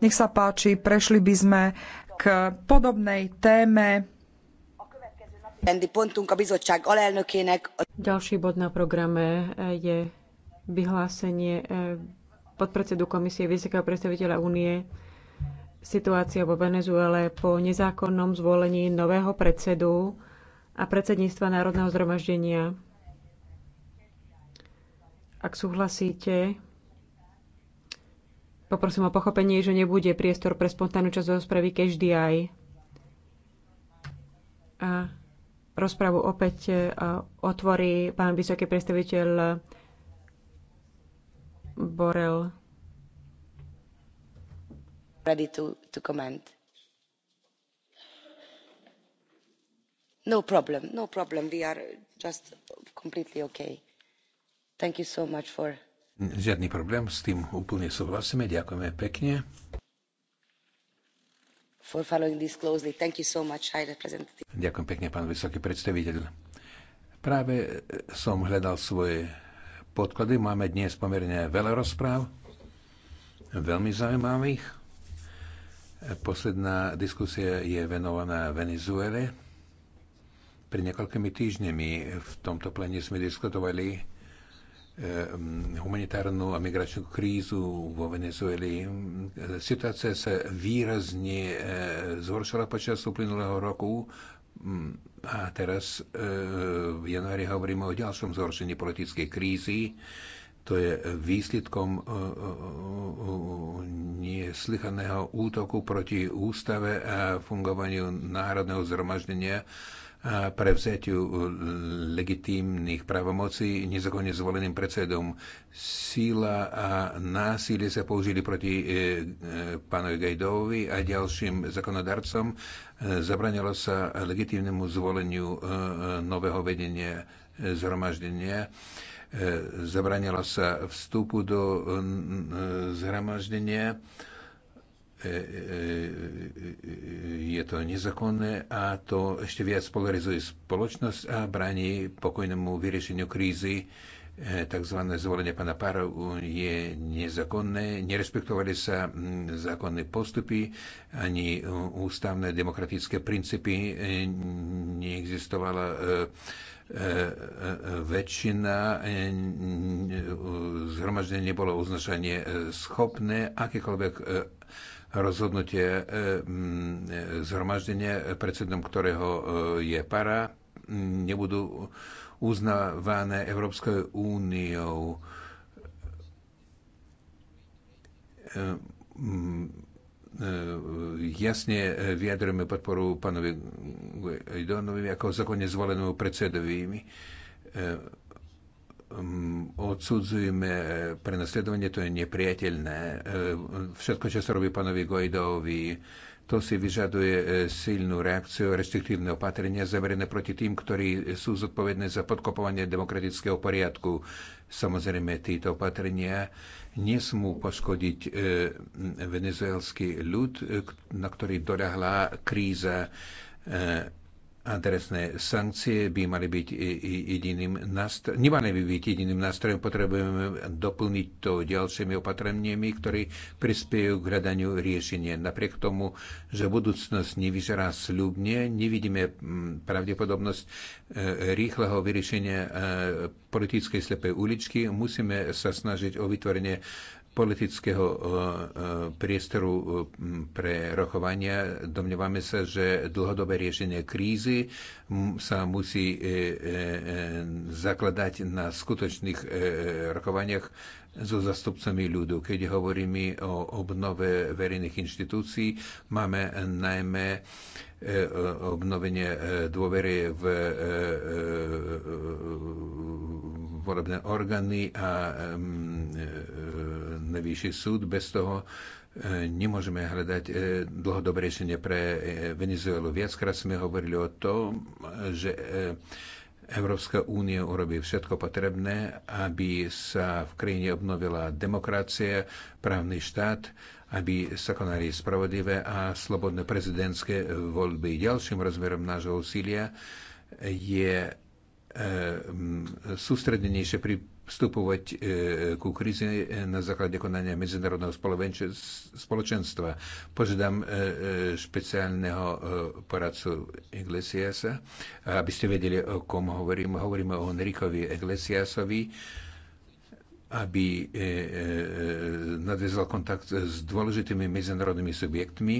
Nech sa páči, prešli by sme k podobnej téme. Ďalší bod na programe e, je vyhlásenie e, podpredsedu komisie vysokého predstaviteľa únie situácia vo Venezuele po nezákonnom zvolení nového predsedu a predsedníctva Národného zhromaždenia. Ak súhlasíte, Poprosím o pochopenie, že nebude priestor pre spontánnu časť rozpravy každý aj. A rozpravu opäť e, otvorí pán vysoký predstaviteľ Borel. Ready to, to comment. No problem, no problem. We are just completely okay. Thank you so much for Žiadny problém, s tým úplne súhlasíme. Ďakujeme pekne. So much, Ďakujem pekne, pán vysoký predstaviteľ. Práve e, som hľadal svoje podklady. Máme dnes pomerne veľa rozpráv, veľmi zaujímavých. E, posledná diskusia je venovaná Venezuele. Pred niekoľkými týždňami v tomto plene sme diskutovali Eh, humanitárnu a migračnú krízu vo Venezueli. Situácia sa výrazne eh, zhoršila počas uplynulého roku mm, a teraz eh, v januári hovoríme o ďalšom zhoršení politickej krízy. To je výsledkom neslychaného útoku proti ústave a fungovaniu národného zhromaždenia prevzetiu uh, legitímnych právomocí nezakonne zvoleným predsedom. Sila a násilie sa použili proti eh, eh, pánovi Gajdovi a ďalším zákonodarcom. Eh, zabranilo sa legitímnemu zvoleniu nového vedenia zhromaždenia zabranilo sa vstupu do zhromaždenia E, e, e, je to nezakonné a to ešte viac polarizuje spoločnosť a bráni pokojnému vyriešeniu krízy. Tzv. zvolenie pana Párov je nezakonné, nerespektovali sa zákonné postupy, ani ústavné demokratické princípy, neexistovala väčšina zhromaždenie nebolo uznašanie schopné, akékoľvek rozhodnutie e, e, zhromaždenia, predsedom ktorého e, je para, nebudú uznávané Európskou úniou. Jasne vyjadrujeme podporu pánovi Guidonovi ako zákonne zvolenému predsedovi Ehm, odsudzujeme prenasledovanie, to je nepriateľné. Ehm, všetko, čo sa robí pánovi Gojdovi, to si vyžaduje e, silnú reakciu, restriktívne opatrenia zaverené proti tým, ktorí sú zodpovedné za podkopovanie demokratického poriadku. Samozrejme, títo opatrenia nesmú poškodiť e, venezuelský ľud, e, na ktorý doľahla kríza adresné sankcie by mali byť jediným nástrojom, nemali by byť jediným nástrojom, potrebujeme doplniť to ďalšími opatreniami, ktoré prispiejú k hľadaniu riešenia. Napriek tomu, že budúcnosť nevyzerá sľubne, nevidíme pravdepodobnosť e, rýchleho vyriešenia e, politickej slepej uličky, musíme sa snažiť o vytvorenie politického priestoru pre rokovania. Domňováme sa, že dlhodobé riešenie krízy sa musí zakladať na skutočných rokovaniach so zastupcami ľudu. Keď hovoríme o obnove verejných inštitúcií, máme najmä obnovenie dôvery v volebné orgány a najvyšší súd. Bez toho e, nemôžeme hľadať e, dlhodobé riešenie pre e, Venezuelu. Viackrát sme hovorili o tom, že Európska únia urobí všetko potrebné, aby sa v krajine obnovila demokracia, právny štát, aby sa konali spravodlivé a slobodné prezidentské voľby. Ďalším rozmerom nášho úsilia je sústredenejšie pri vstupovať e, ku kríze na základe konania medzinárodného spoločenstva. Požiadam e, e, špeciálneho poradcu Iglesiasa, aby ste vedeli, o kom hovorím. Hovoríme o Henrikovi Iglesiasovi, aby nadviezal kontakt s dôležitými medzinárodnými subjektmi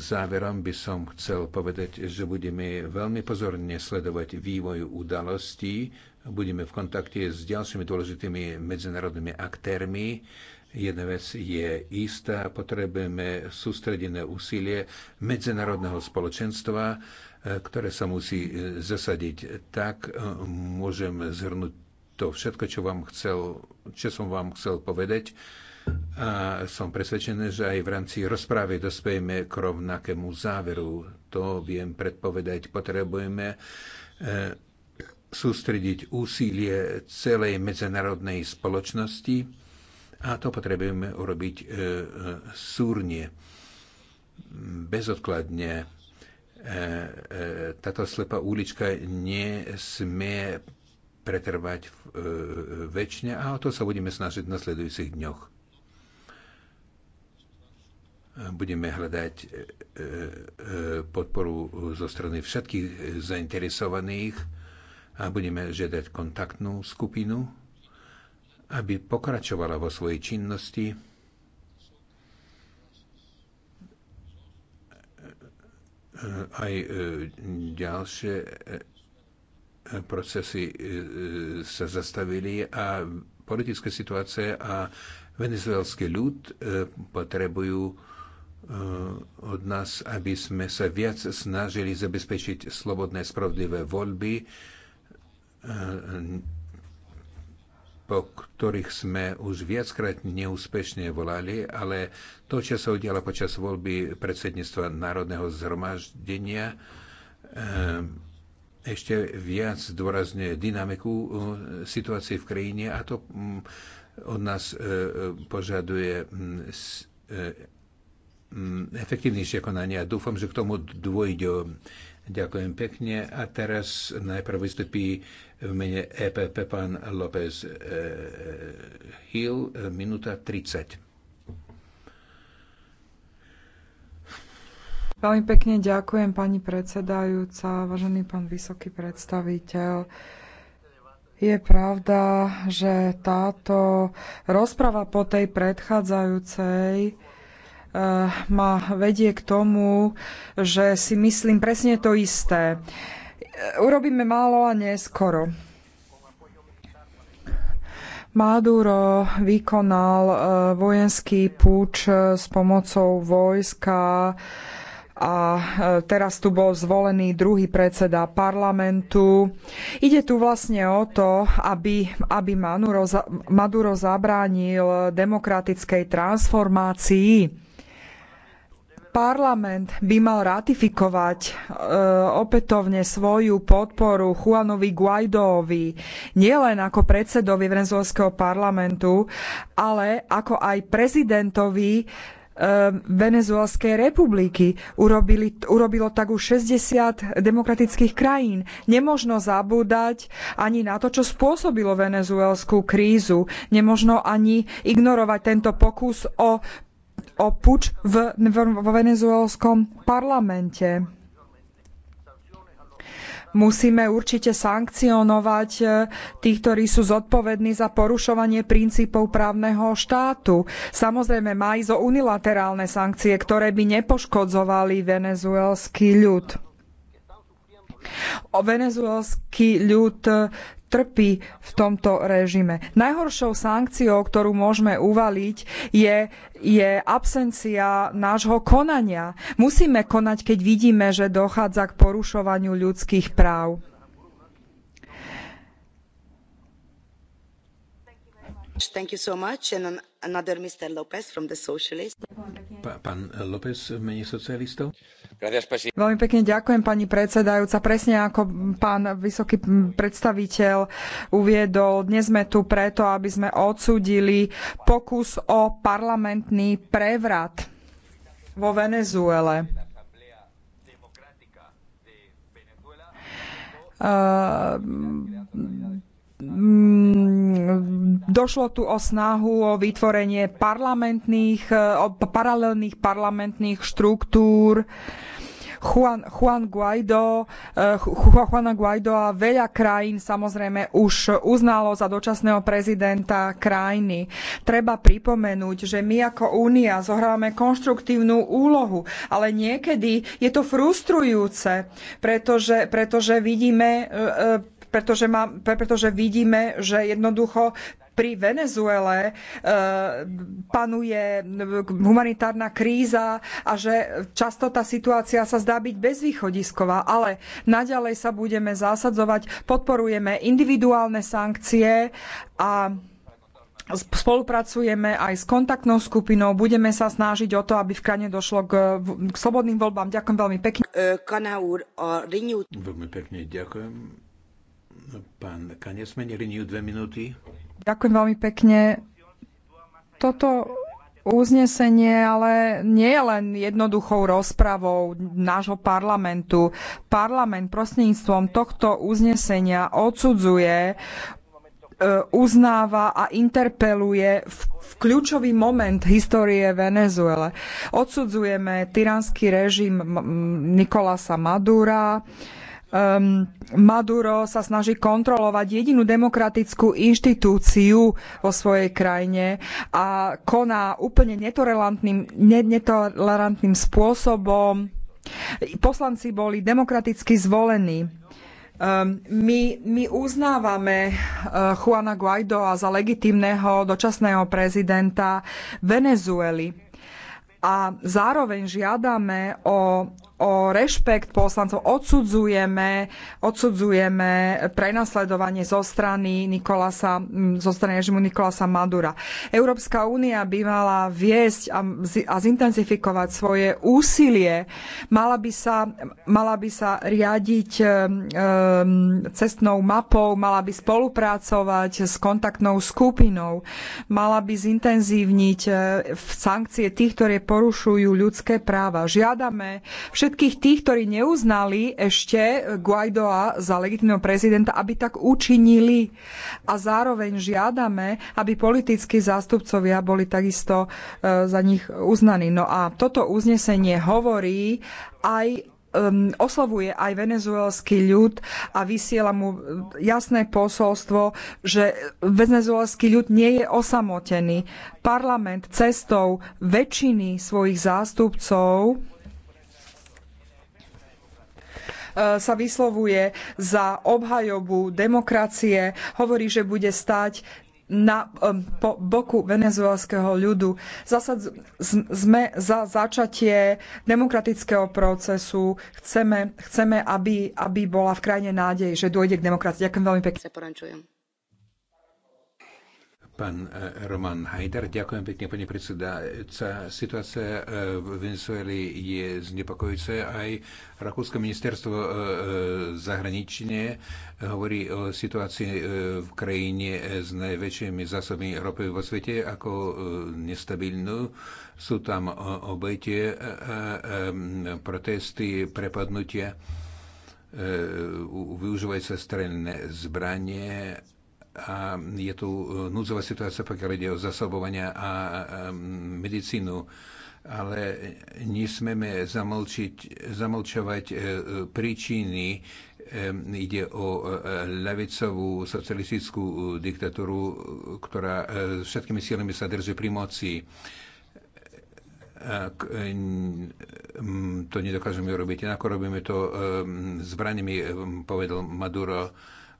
Záverom by som chcel povedať, že budeme veľmi pozorne sledovať vývoj udalostí, budeme v kontakte s ďalšími dôležitými medzinárodnými aktérmi. Jedna vec je istá, potrebujeme sústredené úsilie medzinárodného spoločenstva, e, ktoré sa musí e, zasadiť. Tak e, môžem zhrnúť to všetko, čo, vám chcel, čo som vám chcel povedať. A som presvedčený, že aj v rámci rozprávy dospejeme k rovnakému záveru. To viem predpovedať. Potrebujeme e, sústrediť úsilie celej medzinárodnej spoločnosti a to potrebujeme urobiť e, súrne, bezodkladne. E, táto slepá ulička nesmie pretrvať väčšine a o to sa budeme snažiť v nasledujúcich dňoch budeme hľadať e, e, e, podporu zo strany všetkých zainteresovaných a budeme žiadať kontaktnú skupinu, aby pokračovala vo svojej činnosti. Aj ďalšie procesy sa zastavili a politická situácia a venezuelský ľud potrebujú Eh, od nás, aby sme sa viac snažili zabezpečiť slobodné, spravodlivé voľby, eh, po ktorých sme už viackrát neúspešne volali, ale to, čo sa udialo počas voľby predsedníctva Národného zhromaždenia, eh, ešte viac zdôrazňuje dynamiku situácie v krajine a to mm, od nás požaduje mm, efektívnejšie konania. dúfam, že k tomu dôjde. Ďakujem pekne. A teraz najprv vystupí v mene EPP pán López e, Hill, minúta 30. Veľmi pekne ďakujem pani predsedajúca, vážený pán vysoký predstaviteľ. Je pravda, že táto rozprava po tej predchádzajúcej Eh, ma vedie k tomu, že si myslím presne to isté. Eh, urobíme málo a neskoro. Maduro vykonal eh, vojenský púč s pomocou vojska a teraz tu bol zvolený druhý predseda parlamentu. Ide tu vlastne o to, aby, aby Maduro, Maduro zabránil demokratickej transformácii Parlament by mal ratifikovať e, opätovne svoju podporu Juanovi Guaidovi nielen ako predsedovi venezuelského parlamentu, ale ako aj prezidentovi e, Venezuelskej republiky. Urobili, urobilo tak už 60 demokratických krajín. Nemožno zabúdať ani na to, čo spôsobilo venezuelskú krízu. Nemožno ani ignorovať tento pokus o o puč v, vo venezuelskom parlamente. Musíme určite sankcionovať e, tých, ktorí sú zodpovední za porušovanie princípov právneho štátu. Samozrejme, má ísť o unilaterálne sankcie, ktoré by nepoškodzovali venezuelský ľud. O venezuelský ľud e, trpí v tomto režime. Najhoršou sankciou, ktorú môžeme uvaliť, je, je absencia nášho konania. Musíme konať, keď vidíme, že dochádza k porušovaniu ľudských práv. Veľmi pekne ďakujem, pani predsedajúca. Presne ako pán vysoký predstaviteľ uviedol, dnes sme tu preto, aby sme odsúdili pokus o parlamentný prevrat vo Venezuele. Uh, Došlo tu o snahu o vytvorenie parlamentných, e, o paralelných parlamentných štruktúr. Juan, Juan Guaido, e, Juana Guaido a veľa krajín samozrejme už uznalo za dočasného prezidenta krajiny. Treba pripomenúť, že my ako Únia zohrávame konštruktívnu úlohu, ale niekedy je to frustrujúce, pretože, pretože vidíme e, pretože, má, pretože vidíme, že jednoducho pri Venezuele e, panuje humanitárna kríza a že často tá situácia sa zdá byť bezvýchodisková, ale naďalej sa budeme zásadzovať, podporujeme individuálne sankcie a spolupracujeme aj s kontaktnou skupinou, budeme sa snažiť o to, aby v krajine došlo k, k slobodným voľbám. Ďakujem veľmi pekne. E, veľmi pekne ďakujem. Pán sme menili dve minúty. Ďakujem veľmi pekne. Toto uznesenie ale nie je len jednoduchou rozpravou nášho parlamentu. Parlament prostredníctvom tohto uznesenia odsudzuje e, uznáva a interpeluje v, v kľúčový moment histórie Venezuele. Odsudzujeme tyranský režim Nikolasa Madura, Ehm, Maduro sa snaží kontrolovať jedinú demokratickú inštitúciu vo svojej krajine a koná úplne netolerantným, netolerantným spôsobom. Poslanci boli demokraticky zvolení. Ehm, my, my uznávame eh, Juana Guaidoa za legitimného dočasného prezidenta Venezuely a zároveň žiadame o o rešpekt poslancov. Odsudzujeme, odsudzujeme prenasledovanie zo strany, Nikolasa, zo strany režimu Nikolasa Madura. Európska únia by mala viesť a, a zintenzifikovať svoje úsilie. Mala by sa, mala by sa riadiť um, cestnou mapou, mala by spolupracovať s kontaktnou skupinou, mala by zintenzívniť e, sankcie tých, ktoré porušujú ľudské práva. Žiadame všetky všetkých tých, ktorí neuznali ešte Guaidoa za legitimného prezidenta, aby tak učinili. A zároveň žiadame, aby politickí zástupcovia boli takisto e, za nich uznaní. No a toto uznesenie hovorí aj oslovuje aj venezuelský ľud a vysiela mu jasné posolstvo, že venezuelský ľud nie je osamotený. Parlament cestou väčšiny svojich zástupcov E, sa vyslovuje za obhajobu demokracie, hovorí, že bude stáť na e, po boku venezuelského ľudu. Zasad, sme za začatie demokratického procesu. Chceme, chceme aby, aby bola v krajine nádej, že dôjde k demokracii. Ďakujem veľmi pekne. Pán e, Roman Hajdar, ďakujem pekne, pani predsedajúca. Situácia e, v Venezueli je znepokojúca. Aj Rakúske ministerstvo e, zahranične hovorí o situácii v krajine s najväčšími zásobami ropy vo svete ako nestabilnú. Sú tam obete, protesty, prepadnutia, využívajú sa strelné zbranie a je tu e, núdzová situácia, pokiaľ ide o zasobovania a medicínu. Ale nesmeme zamlčiť, zamlčovať e, príčiny. E, ide o ľavicovú socialistickú diktatúru, ktorá všetkými silami sa drží pri moci. Ak to nedokážeme urobiť, ako robíme to zbraniami, povedal Maduro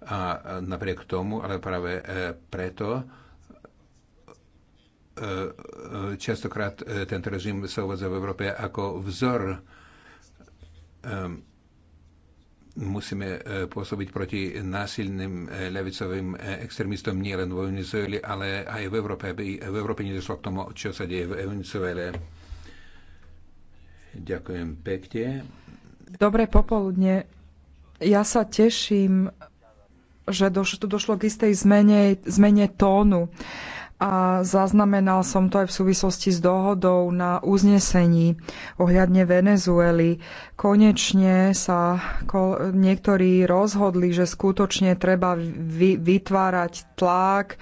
a napriek tomu, ale práve e, preto, e, e, častokrát tento režim sa uvádza v Európe ako vzor. Musíme pôsobiť proti násilným levicovým extrémistom nielen vo Venezueli, ale aj v Európe, aby v Európe nedošlo k tomu, čo sa deje v Venezuele. Ďakujem pekne. Dobré popoludne. Ja sa teším že doš- tu došlo k istej zmene, zmene tónu. A zaznamenal som to aj v súvislosti s dohodou na uznesení ohľadne Venezuely. Konečne sa niektorí rozhodli, že skutočne treba vy- vytvárať tlak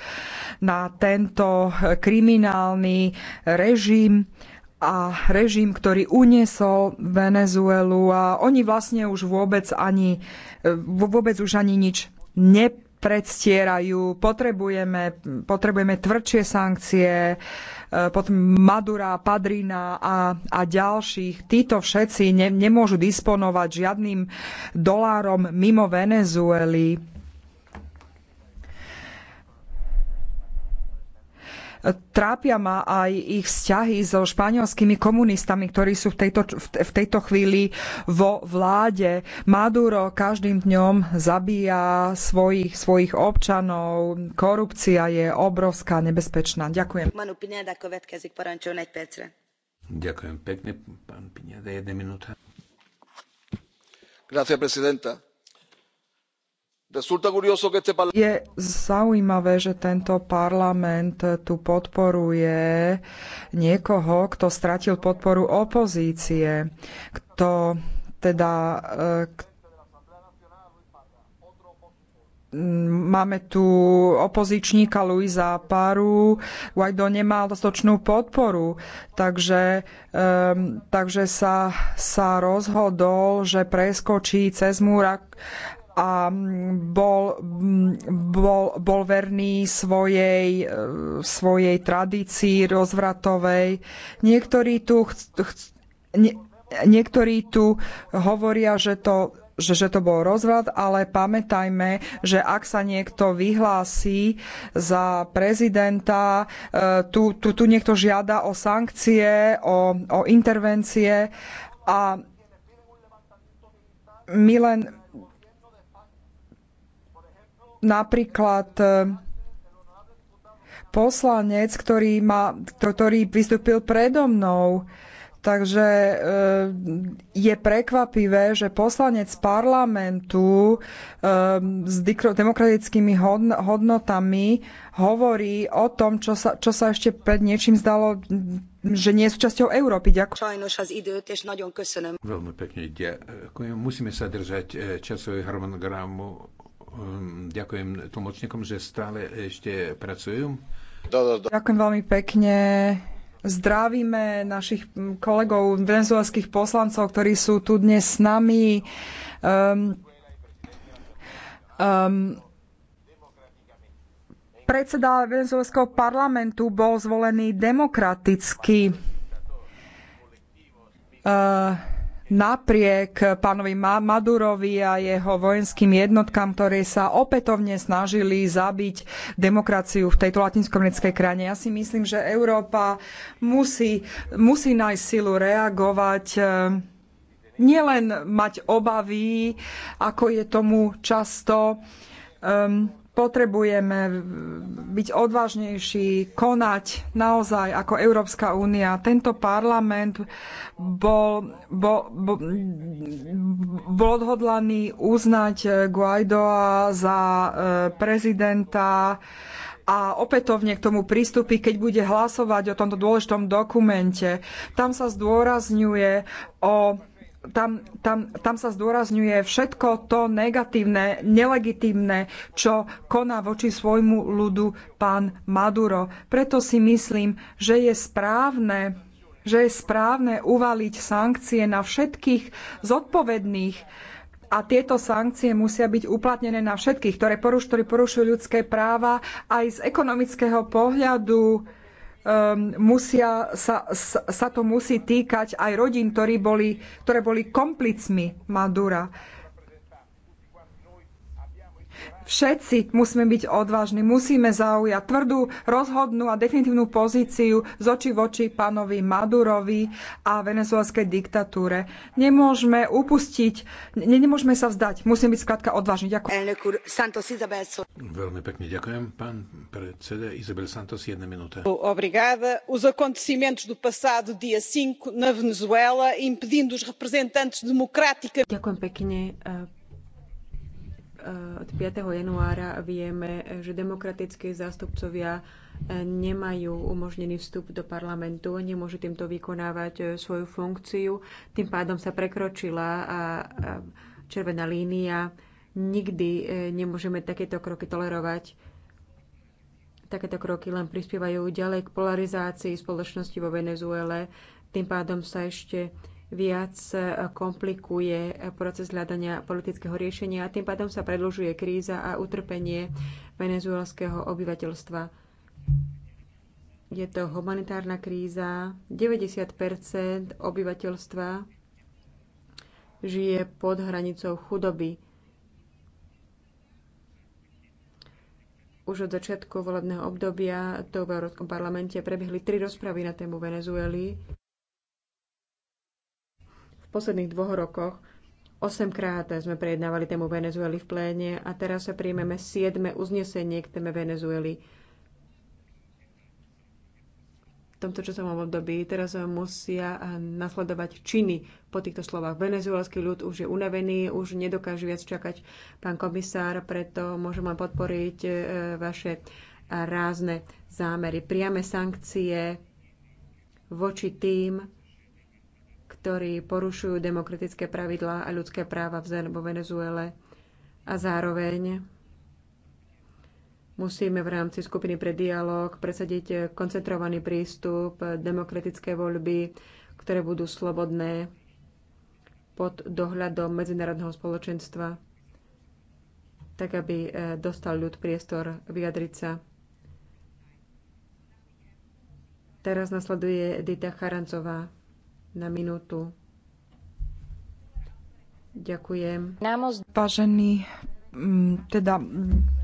na tento kriminálny režim a režim, ktorý uniesol Venezuelu a oni vlastne už vôbec ani, vôbec už ani nič nepredstierajú. Potrebujeme, potrebujeme tvrdšie sankcie, e, potom Madura, Padrina a, a ďalších. Títo všetci ne, nemôžu disponovať žiadnym dolárom mimo Venezuely Trápia ma aj ich vzťahy so španielskými komunistami, ktorí sú v tejto, v tejto chvíli vo vláde. Maduro každým dňom zabíja svojich, svojich občanov. Korupcia je obrovská, nebezpečná. Ďakujem. Ďakujem pekne, pán Pineda, jedna minúta. Grazie, presidenta je zaujímavé, že tento parlament tu podporuje niekoho, kto stratil podporu opozície, kto teda e, máme tu opozičníka Luisa Paru, Guaido nemá dostatočnú podporu, takže, um, takže sa, sa rozhodol, že preskočí cez múra a bol, bol, bol verný svojej, eh, svojej tradícii rozvratovej. Niektorí tu, ch, ch, nie, niektorí tu hovoria, že to že, že to bol rozvrat, ale pamätajme, že ak sa niekto vyhlási za prezidenta, eh, tu, tu, tu niekto žiada o sankcie, o, o intervencie a my len, napríklad e, poslanec, ktorý, ma, ktorý vystúpil predo mnou, Takže e, je prekvapivé, že poslanec parlamentu e, s demokratickými hodnotami hovorí o tom, čo sa, čo sa ešte pred niečím zdalo, že nie je súčasťou Európy. Ďakujem. Veľmi pekne ďakujem. Musíme sa držať časového harmonogramu Ehm, ďakujem tlmočníkom, že stále ešte pracujú. Ďakujem veľmi pekne. Zdravíme našich kolegov venezuelských poslancov, ktorí sú tu dnes s nami. Um, um, predseda venezuelského parlamentu bol zvolený demokraticky. Uh, napriek pánovi Madurovi a jeho vojenským jednotkám, ktoré sa opätovne snažili zabiť demokraciu v tejto latinskoamerickej krajine. Ja si myslím, že Európa musí, musí nájsť silu reagovať eh, nielen mať obavy, ako je tomu často, um, potrebujeme byť odvážnejší, konať naozaj ako Európska únia. Tento parlament bol, bol, bol, bol odhodlaný uznať eh, Guaidoa za eh, prezidenta a opätovne k tomu prístupy, keď bude hlasovať o tomto dôležitom dokumente. Tam sa zdôrazňuje o tam, tam, tam sa zdôrazňuje všetko to negatívne, nelegitímne, čo koná voči svojmu ľudu pán Maduro. Preto si myslím, že je správne že je správne uvaliť sankcie na všetkých zodpovedných a tieto sankcie musia byť uplatnené na všetkých, ktoré porušujú ľudské práva aj z ekonomického pohľadu Ehm, musia, sa, sa to musí týkať aj rodín, ktorí boli, ktoré boli komplicmi Madura. Všetci musíme byť odvážni, musíme zaujať tvrdú, rozhodnú a definitívnu pozíciu z oči v oči pánovi Madurovi a venezuelskej diktatúre. Nemôžeme upustiť, ne, nemôžeme sa vzdať, musíme byť skladka odvážni. Ďakujem. Veľmi pekne ďakujem, pán predseda Izabel Santos, jedna minúta. Obrigada. Os acontecimentos do passado dia 5 na Venezuela impedindo os representantes democráticos. Ďakujem pekne od 5. januára vieme, že demokratickí zástupcovia nemajú umožnený vstup do parlamentu, nemôžu týmto vykonávať e, svoju funkciu. Tým pádom sa prekročila a červená línia. Nikdy e, nemôžeme takéto kroky tolerovať. Takéto kroky len prispievajú ďalej k polarizácii spoločnosti vo Venezuele. Tým pádom sa ešte viac komplikuje proces hľadania politického riešenia a tým pádom sa predlžuje kríza a utrpenie venezuelského obyvateľstva. Je to humanitárna kríza. 90 obyvateľstva žije pod hranicou chudoby. Už od začiatku volebného obdobia to v Európskom parlamente prebiehli tri rozpravy na tému Venezuely posledných dvoch rokoch 8 krát sme prejednávali tému Venezueli v pléne a teraz sa príjmeme 7. uznesenie k téme Venezueli. V tomto časovom období teraz musia nasledovať činy po týchto slovách. Venezuelský ľud už je unavený, už nedokáže viac čakať. Pán komisár, preto môžem podporiť e, vaše rázne zámery. Priame sankcie voči tým, ktorí porušujú demokratické pravidlá a ľudské práva vo Venezuele a zároveň musíme v rámci skupiny pre dialog presadiť koncentrovaný prístup, demokratické voľby, ktoré budú slobodné pod dohľadom medzinárodného spoločenstva, tak aby eh, dostal ľud priestor vyjadriť sa. Teraz nasleduje Dita Charancová na minútu. Ďakujem. Vážený, mm, teda mm,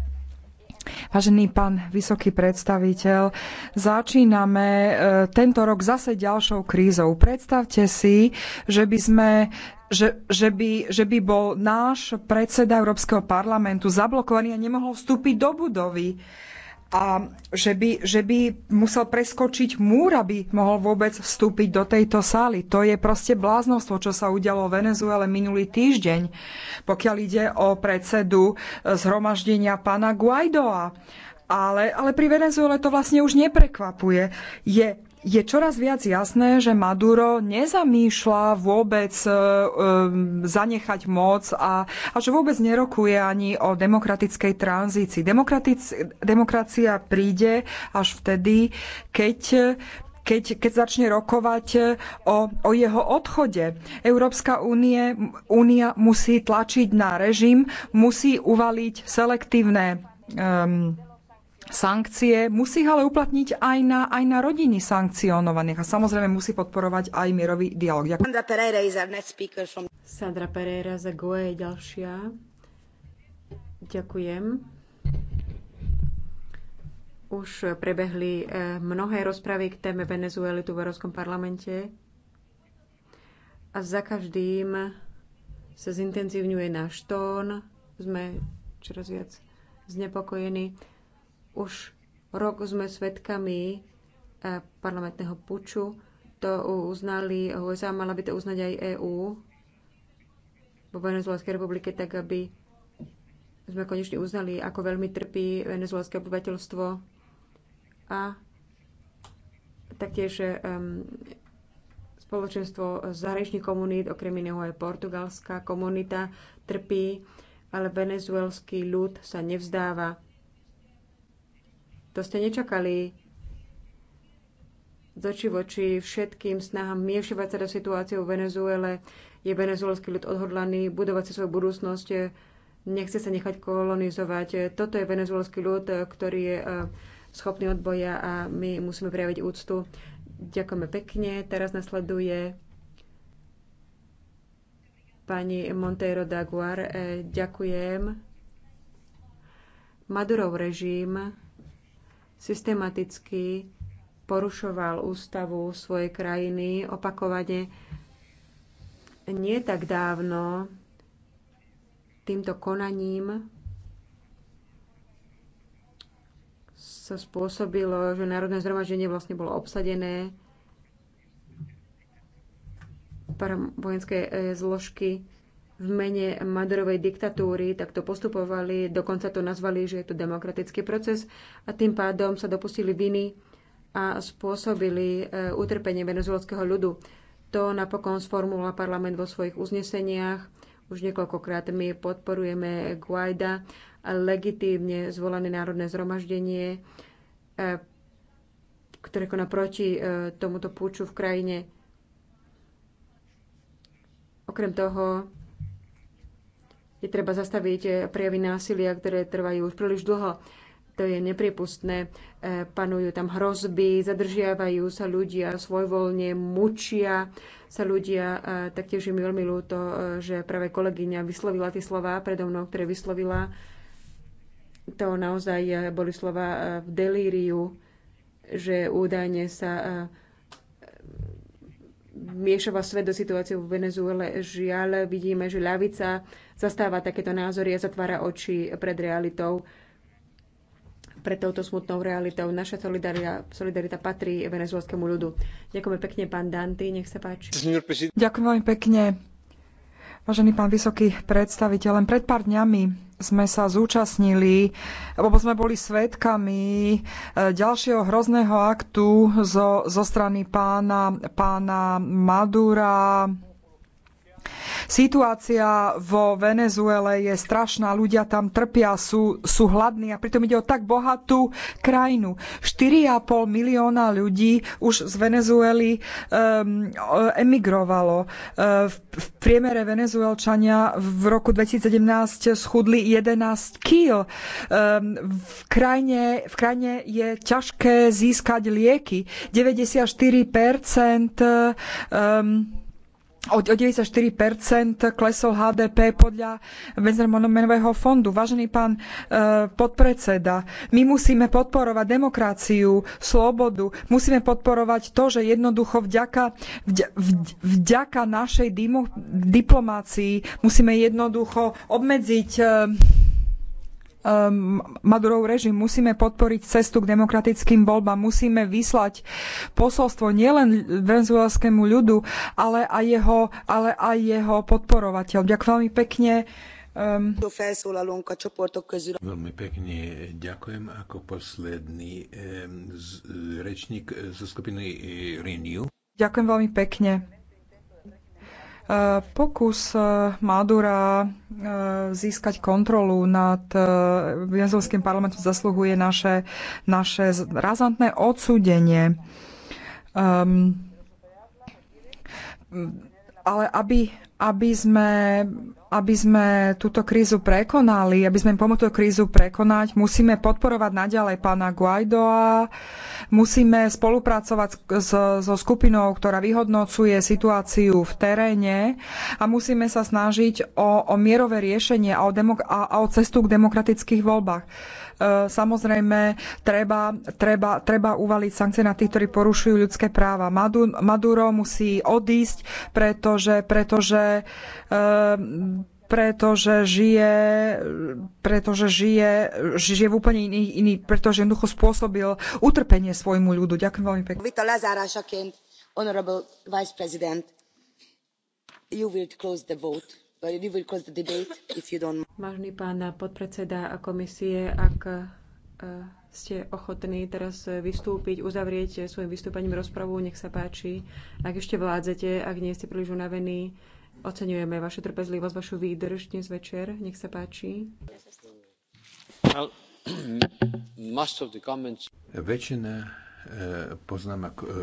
Vážený pán vysoký predstaviteľ, začíname e, tento rok zase ďalšou krízou. Predstavte si, že by sme že, že, by, že by bol náš predseda Európskeho parlamentu zablokovaný a nemohol vstúpiť do budovy. Uh, a že by, že by musel preskočiť múr, aby mohol vôbec vstúpiť do tejto sály. To je proste bláznostvo, čo sa udialo v Venezuele minulý týždeň, pokiaľ ide o predsedu e, zhromaždenia pana Guaidoa. Ale, ale pri Venezuele to vlastne už neprekvapuje. Je je čoraz viac jasné, že Maduro nezamýšľa vôbec e, e, zanechať moc a, a že vôbec nerokuje ani o demokratickej tranzícii. Demokratic, demokracia príde až vtedy, keď keď, keď začne rokovať o, o jeho odchode. Európska únie, únia musí tlačiť na režim, musí uvaliť selektívne um, sankcie, musí ale uplatniť aj na, aj na rodiny sankcionovaných a samozrejme musí podporovať aj mierový dialog. Ďakujem. Sandra Pereira za GOE je ďalšia. Ďakujem. Už prebehli eh, mnohé rozpravy k téme Venezuely tu v Európskom parlamente a za každým sa zintenzívňuje náš tón, sme čoraz viac znepokojení. Už rok sme svedkami eh, parlamentného puču. To uznali USA, mala by to uznať aj EÚ vo Venezuelskej republike, tak aby sme konečne uznali, ako veľmi trpí venezuelské obyvateľstvo a taktiež um, spoločenstvo zahraničných komunít, okrem iného aj portugalská komunita, trpí, ale venezuelský ľud sa nevzdáva. To ste nečakali z oči v oči všetkým snahám miešovať sa do situácie v Venezuele. Je venezuelský ľud odhodlaný budovať si svoju budúcnosť, nechce sa nechať kolonizovať. Toto je venezuelský ľud, ktorý je e, schopný odboja a my musíme prejaviť úctu. Ďakujeme pekne. Teraz nasleduje pani Monteiro Daguar. E, ďakujem. Madurov režim systematicky porušoval ústavu svojej krajiny opakovane nie tak dávno týmto konaním sa spôsobilo, že Národné zhromaždenie vlastne bolo obsadené vojenské e, zložky v mene Madurovej diktatúry takto postupovali, dokonca to nazvali, že je to demokratický proces a tým pádom sa dopustili viny a spôsobili e, utrpenie venezuelského ľudu. To napokon sformula parlament vo svojich uzneseniach. Už niekoľkokrát my podporujeme Guaida, legitímne zvolené národné zhromaždenie, e, ktoré koná proti e, tomuto púču v krajine. Okrem toho, je treba zastaviť eh, prejavy násilia, ktoré trvajú už príliš dlho. To je nepriepustné. Eh, panujú tam hrozby, zadržiavajú sa ľudia svojvoľne, mučia sa ľudia. Taktiež je mi veľmi ľúto, eh, že práve kolegyňa vyslovila tie slova predo mnou, ktoré vyslovila. To naozaj boli slova v delíriu, že údajne sa miešava svet do situácie v Venezuele. Žiaľ, vidíme, že ľavica zastáva takéto názory a zatvára oči pred realitou pred touto smutnou realitou. Naša solidarita, solidarita patrí venezuelskému ľudu. Ďakujeme pekne, pán Danty, nech sa páči. Ďakujem veľmi pekne, vážený pán vysoký predstaviteľ. Len pred pár dňami sme sa zúčastnili, lebo sme boli svetkami eh, ďalšieho hrozného aktu zo, zo strany pána, pána Madura, Situácia vo Venezuele je strašná, ľudia tam trpia, sú, sú hladní a pritom ide o tak bohatú krajinu. 4,5 milióna ľudí už z Venezuely um, emigrovalo. Ehm, v, v priemere Venezuelčania v roku 2017 schudli 11 kg. Um, v, krajine, v krajine je ťažké získať lieky. 94% um, o 94% klesol HDP podľa Medzinárodného fondu. Vážený pán e, podpredseda, my musíme podporovať demokraciu, slobodu, musíme podporovať to, že jednoducho vďaka, vďaka našej dimo, diplomácii musíme jednoducho obmedziť e, um, Madurov režim, musíme podporiť cestu k demokratickým voľbám, musíme vyslať posolstvo nielen venezuelskému ľudu, ale aj jeho, ale aj jeho podporovateľ. Ďakujem veľmi pekne. Um, veľmi pekne ďakujem ako posledný um, rečník zo skupiny eh, Renew. Ďakujem veľmi pekne. Eh, pokus eh, Madura eh, získať kontrolu nad venezuelským parlamentom zasluhuje naše, naše razantné odsúdenie. Um, ale aby, aby sme aby sme túto krízu prekonali, aby sme im pomohli túto krízu prekonať, musíme podporovať naďalej pána Guaidoa, musíme spolupracovať so, so skupinou, ktorá vyhodnocuje situáciu v teréne a musíme sa snažiť o, o mierové riešenie a o, demok- a, a o cestu k demokratických voľbách. E, samozrejme, treba, treba, treba uvaliť sankcie na tých, ktorí porušujú ľudské práva. Maduro musí odísť, pretože, pretože e, pretože žije, pretože žije, žije v úplne iný, iný pretože jednoducho spôsobil utrpenie svojmu ľudu. Ďakujem veľmi pekne. Vita Lazárásaként, honorable vice president, you will close the vote. Vážený pán podpredseda komisie, ak e, ste ochotní teraz vystúpiť, uzavrieť svojim vystúpením rozpravu, nech sa páči. Ak ešte vládzete, ak nie ste príliš unavení, oceňujeme vašu trpezlivosť, vašu výdrž dnes večer. Nech sa páči. Väčšina e, poznámok e,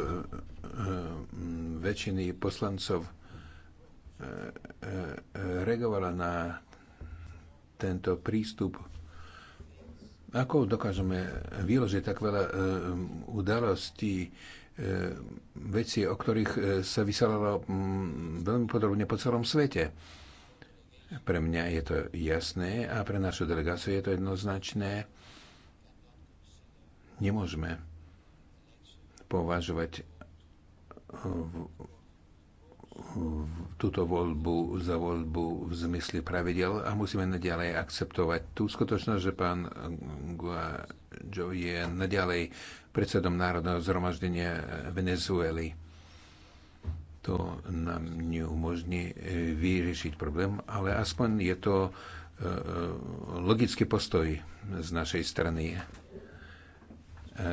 väčšiny poslancov reagovala na tento prístup. Ako dokážeme vyložiť tak veľa e, udalostí, e, veci, o ktorých e, sa vysielalo veľmi podrobne po celom svete. Pre mňa je to jasné a pre našu delegáciu je to jednoznačné. Nemôžeme považovať túto voľbu za voľbu v zmysle pravidel a musíme naďalej akceptovať tú skutočnosť, že pán Guajo je naďalej predsedom Národného zhromaždenia Venezuely. To nám neumožní e, vyriešiť problém, ale aspoň je to e, logický postoj z našej strany. E,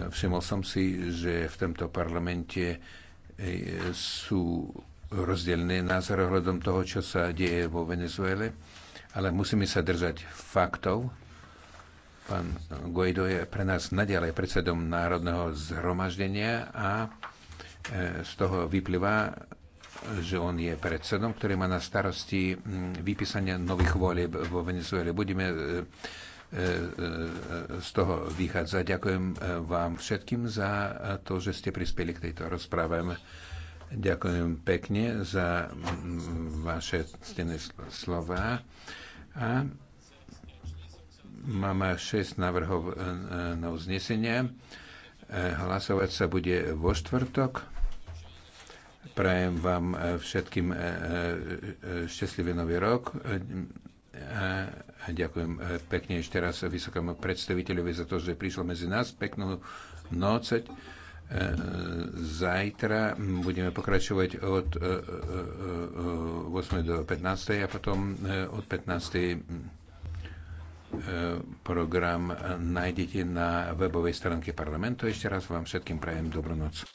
všimol som si, že v tomto parlamente sú rozdielne názory ohľadom toho, čo sa deje vo Venezuele, ale musíme sa držať faktov. Pán Guaido je pre nás naďalej predsedom Národného zhromaždenia a e, z toho vyplýva, že on je predsedom, ktorý má na starosti mm, vypísanie nových volieb vo Venezuele. Budeme e, e, z toho vychádzať. Ďakujem vám všetkým za to, že ste prispeli k tejto rozprave. Ďakujem pekne za vaše ctené slova. A máme 6 návrhov e, na uznesenie. E, hlasovať sa bude vo štvrtok. Prajem vám e, všetkým šťastlivý nový rok. A ďakujem pekne ešte raz vysokému predstaviteľovi za to, že prišiel medzi nás. Peknú noceť. E, zajtra budeme pokračovať od 8. E, e, do 15. a potom od 15. program nájdete na webovej stránke parlamentu. Ešte raz vám všetkým prajem dobrú noc.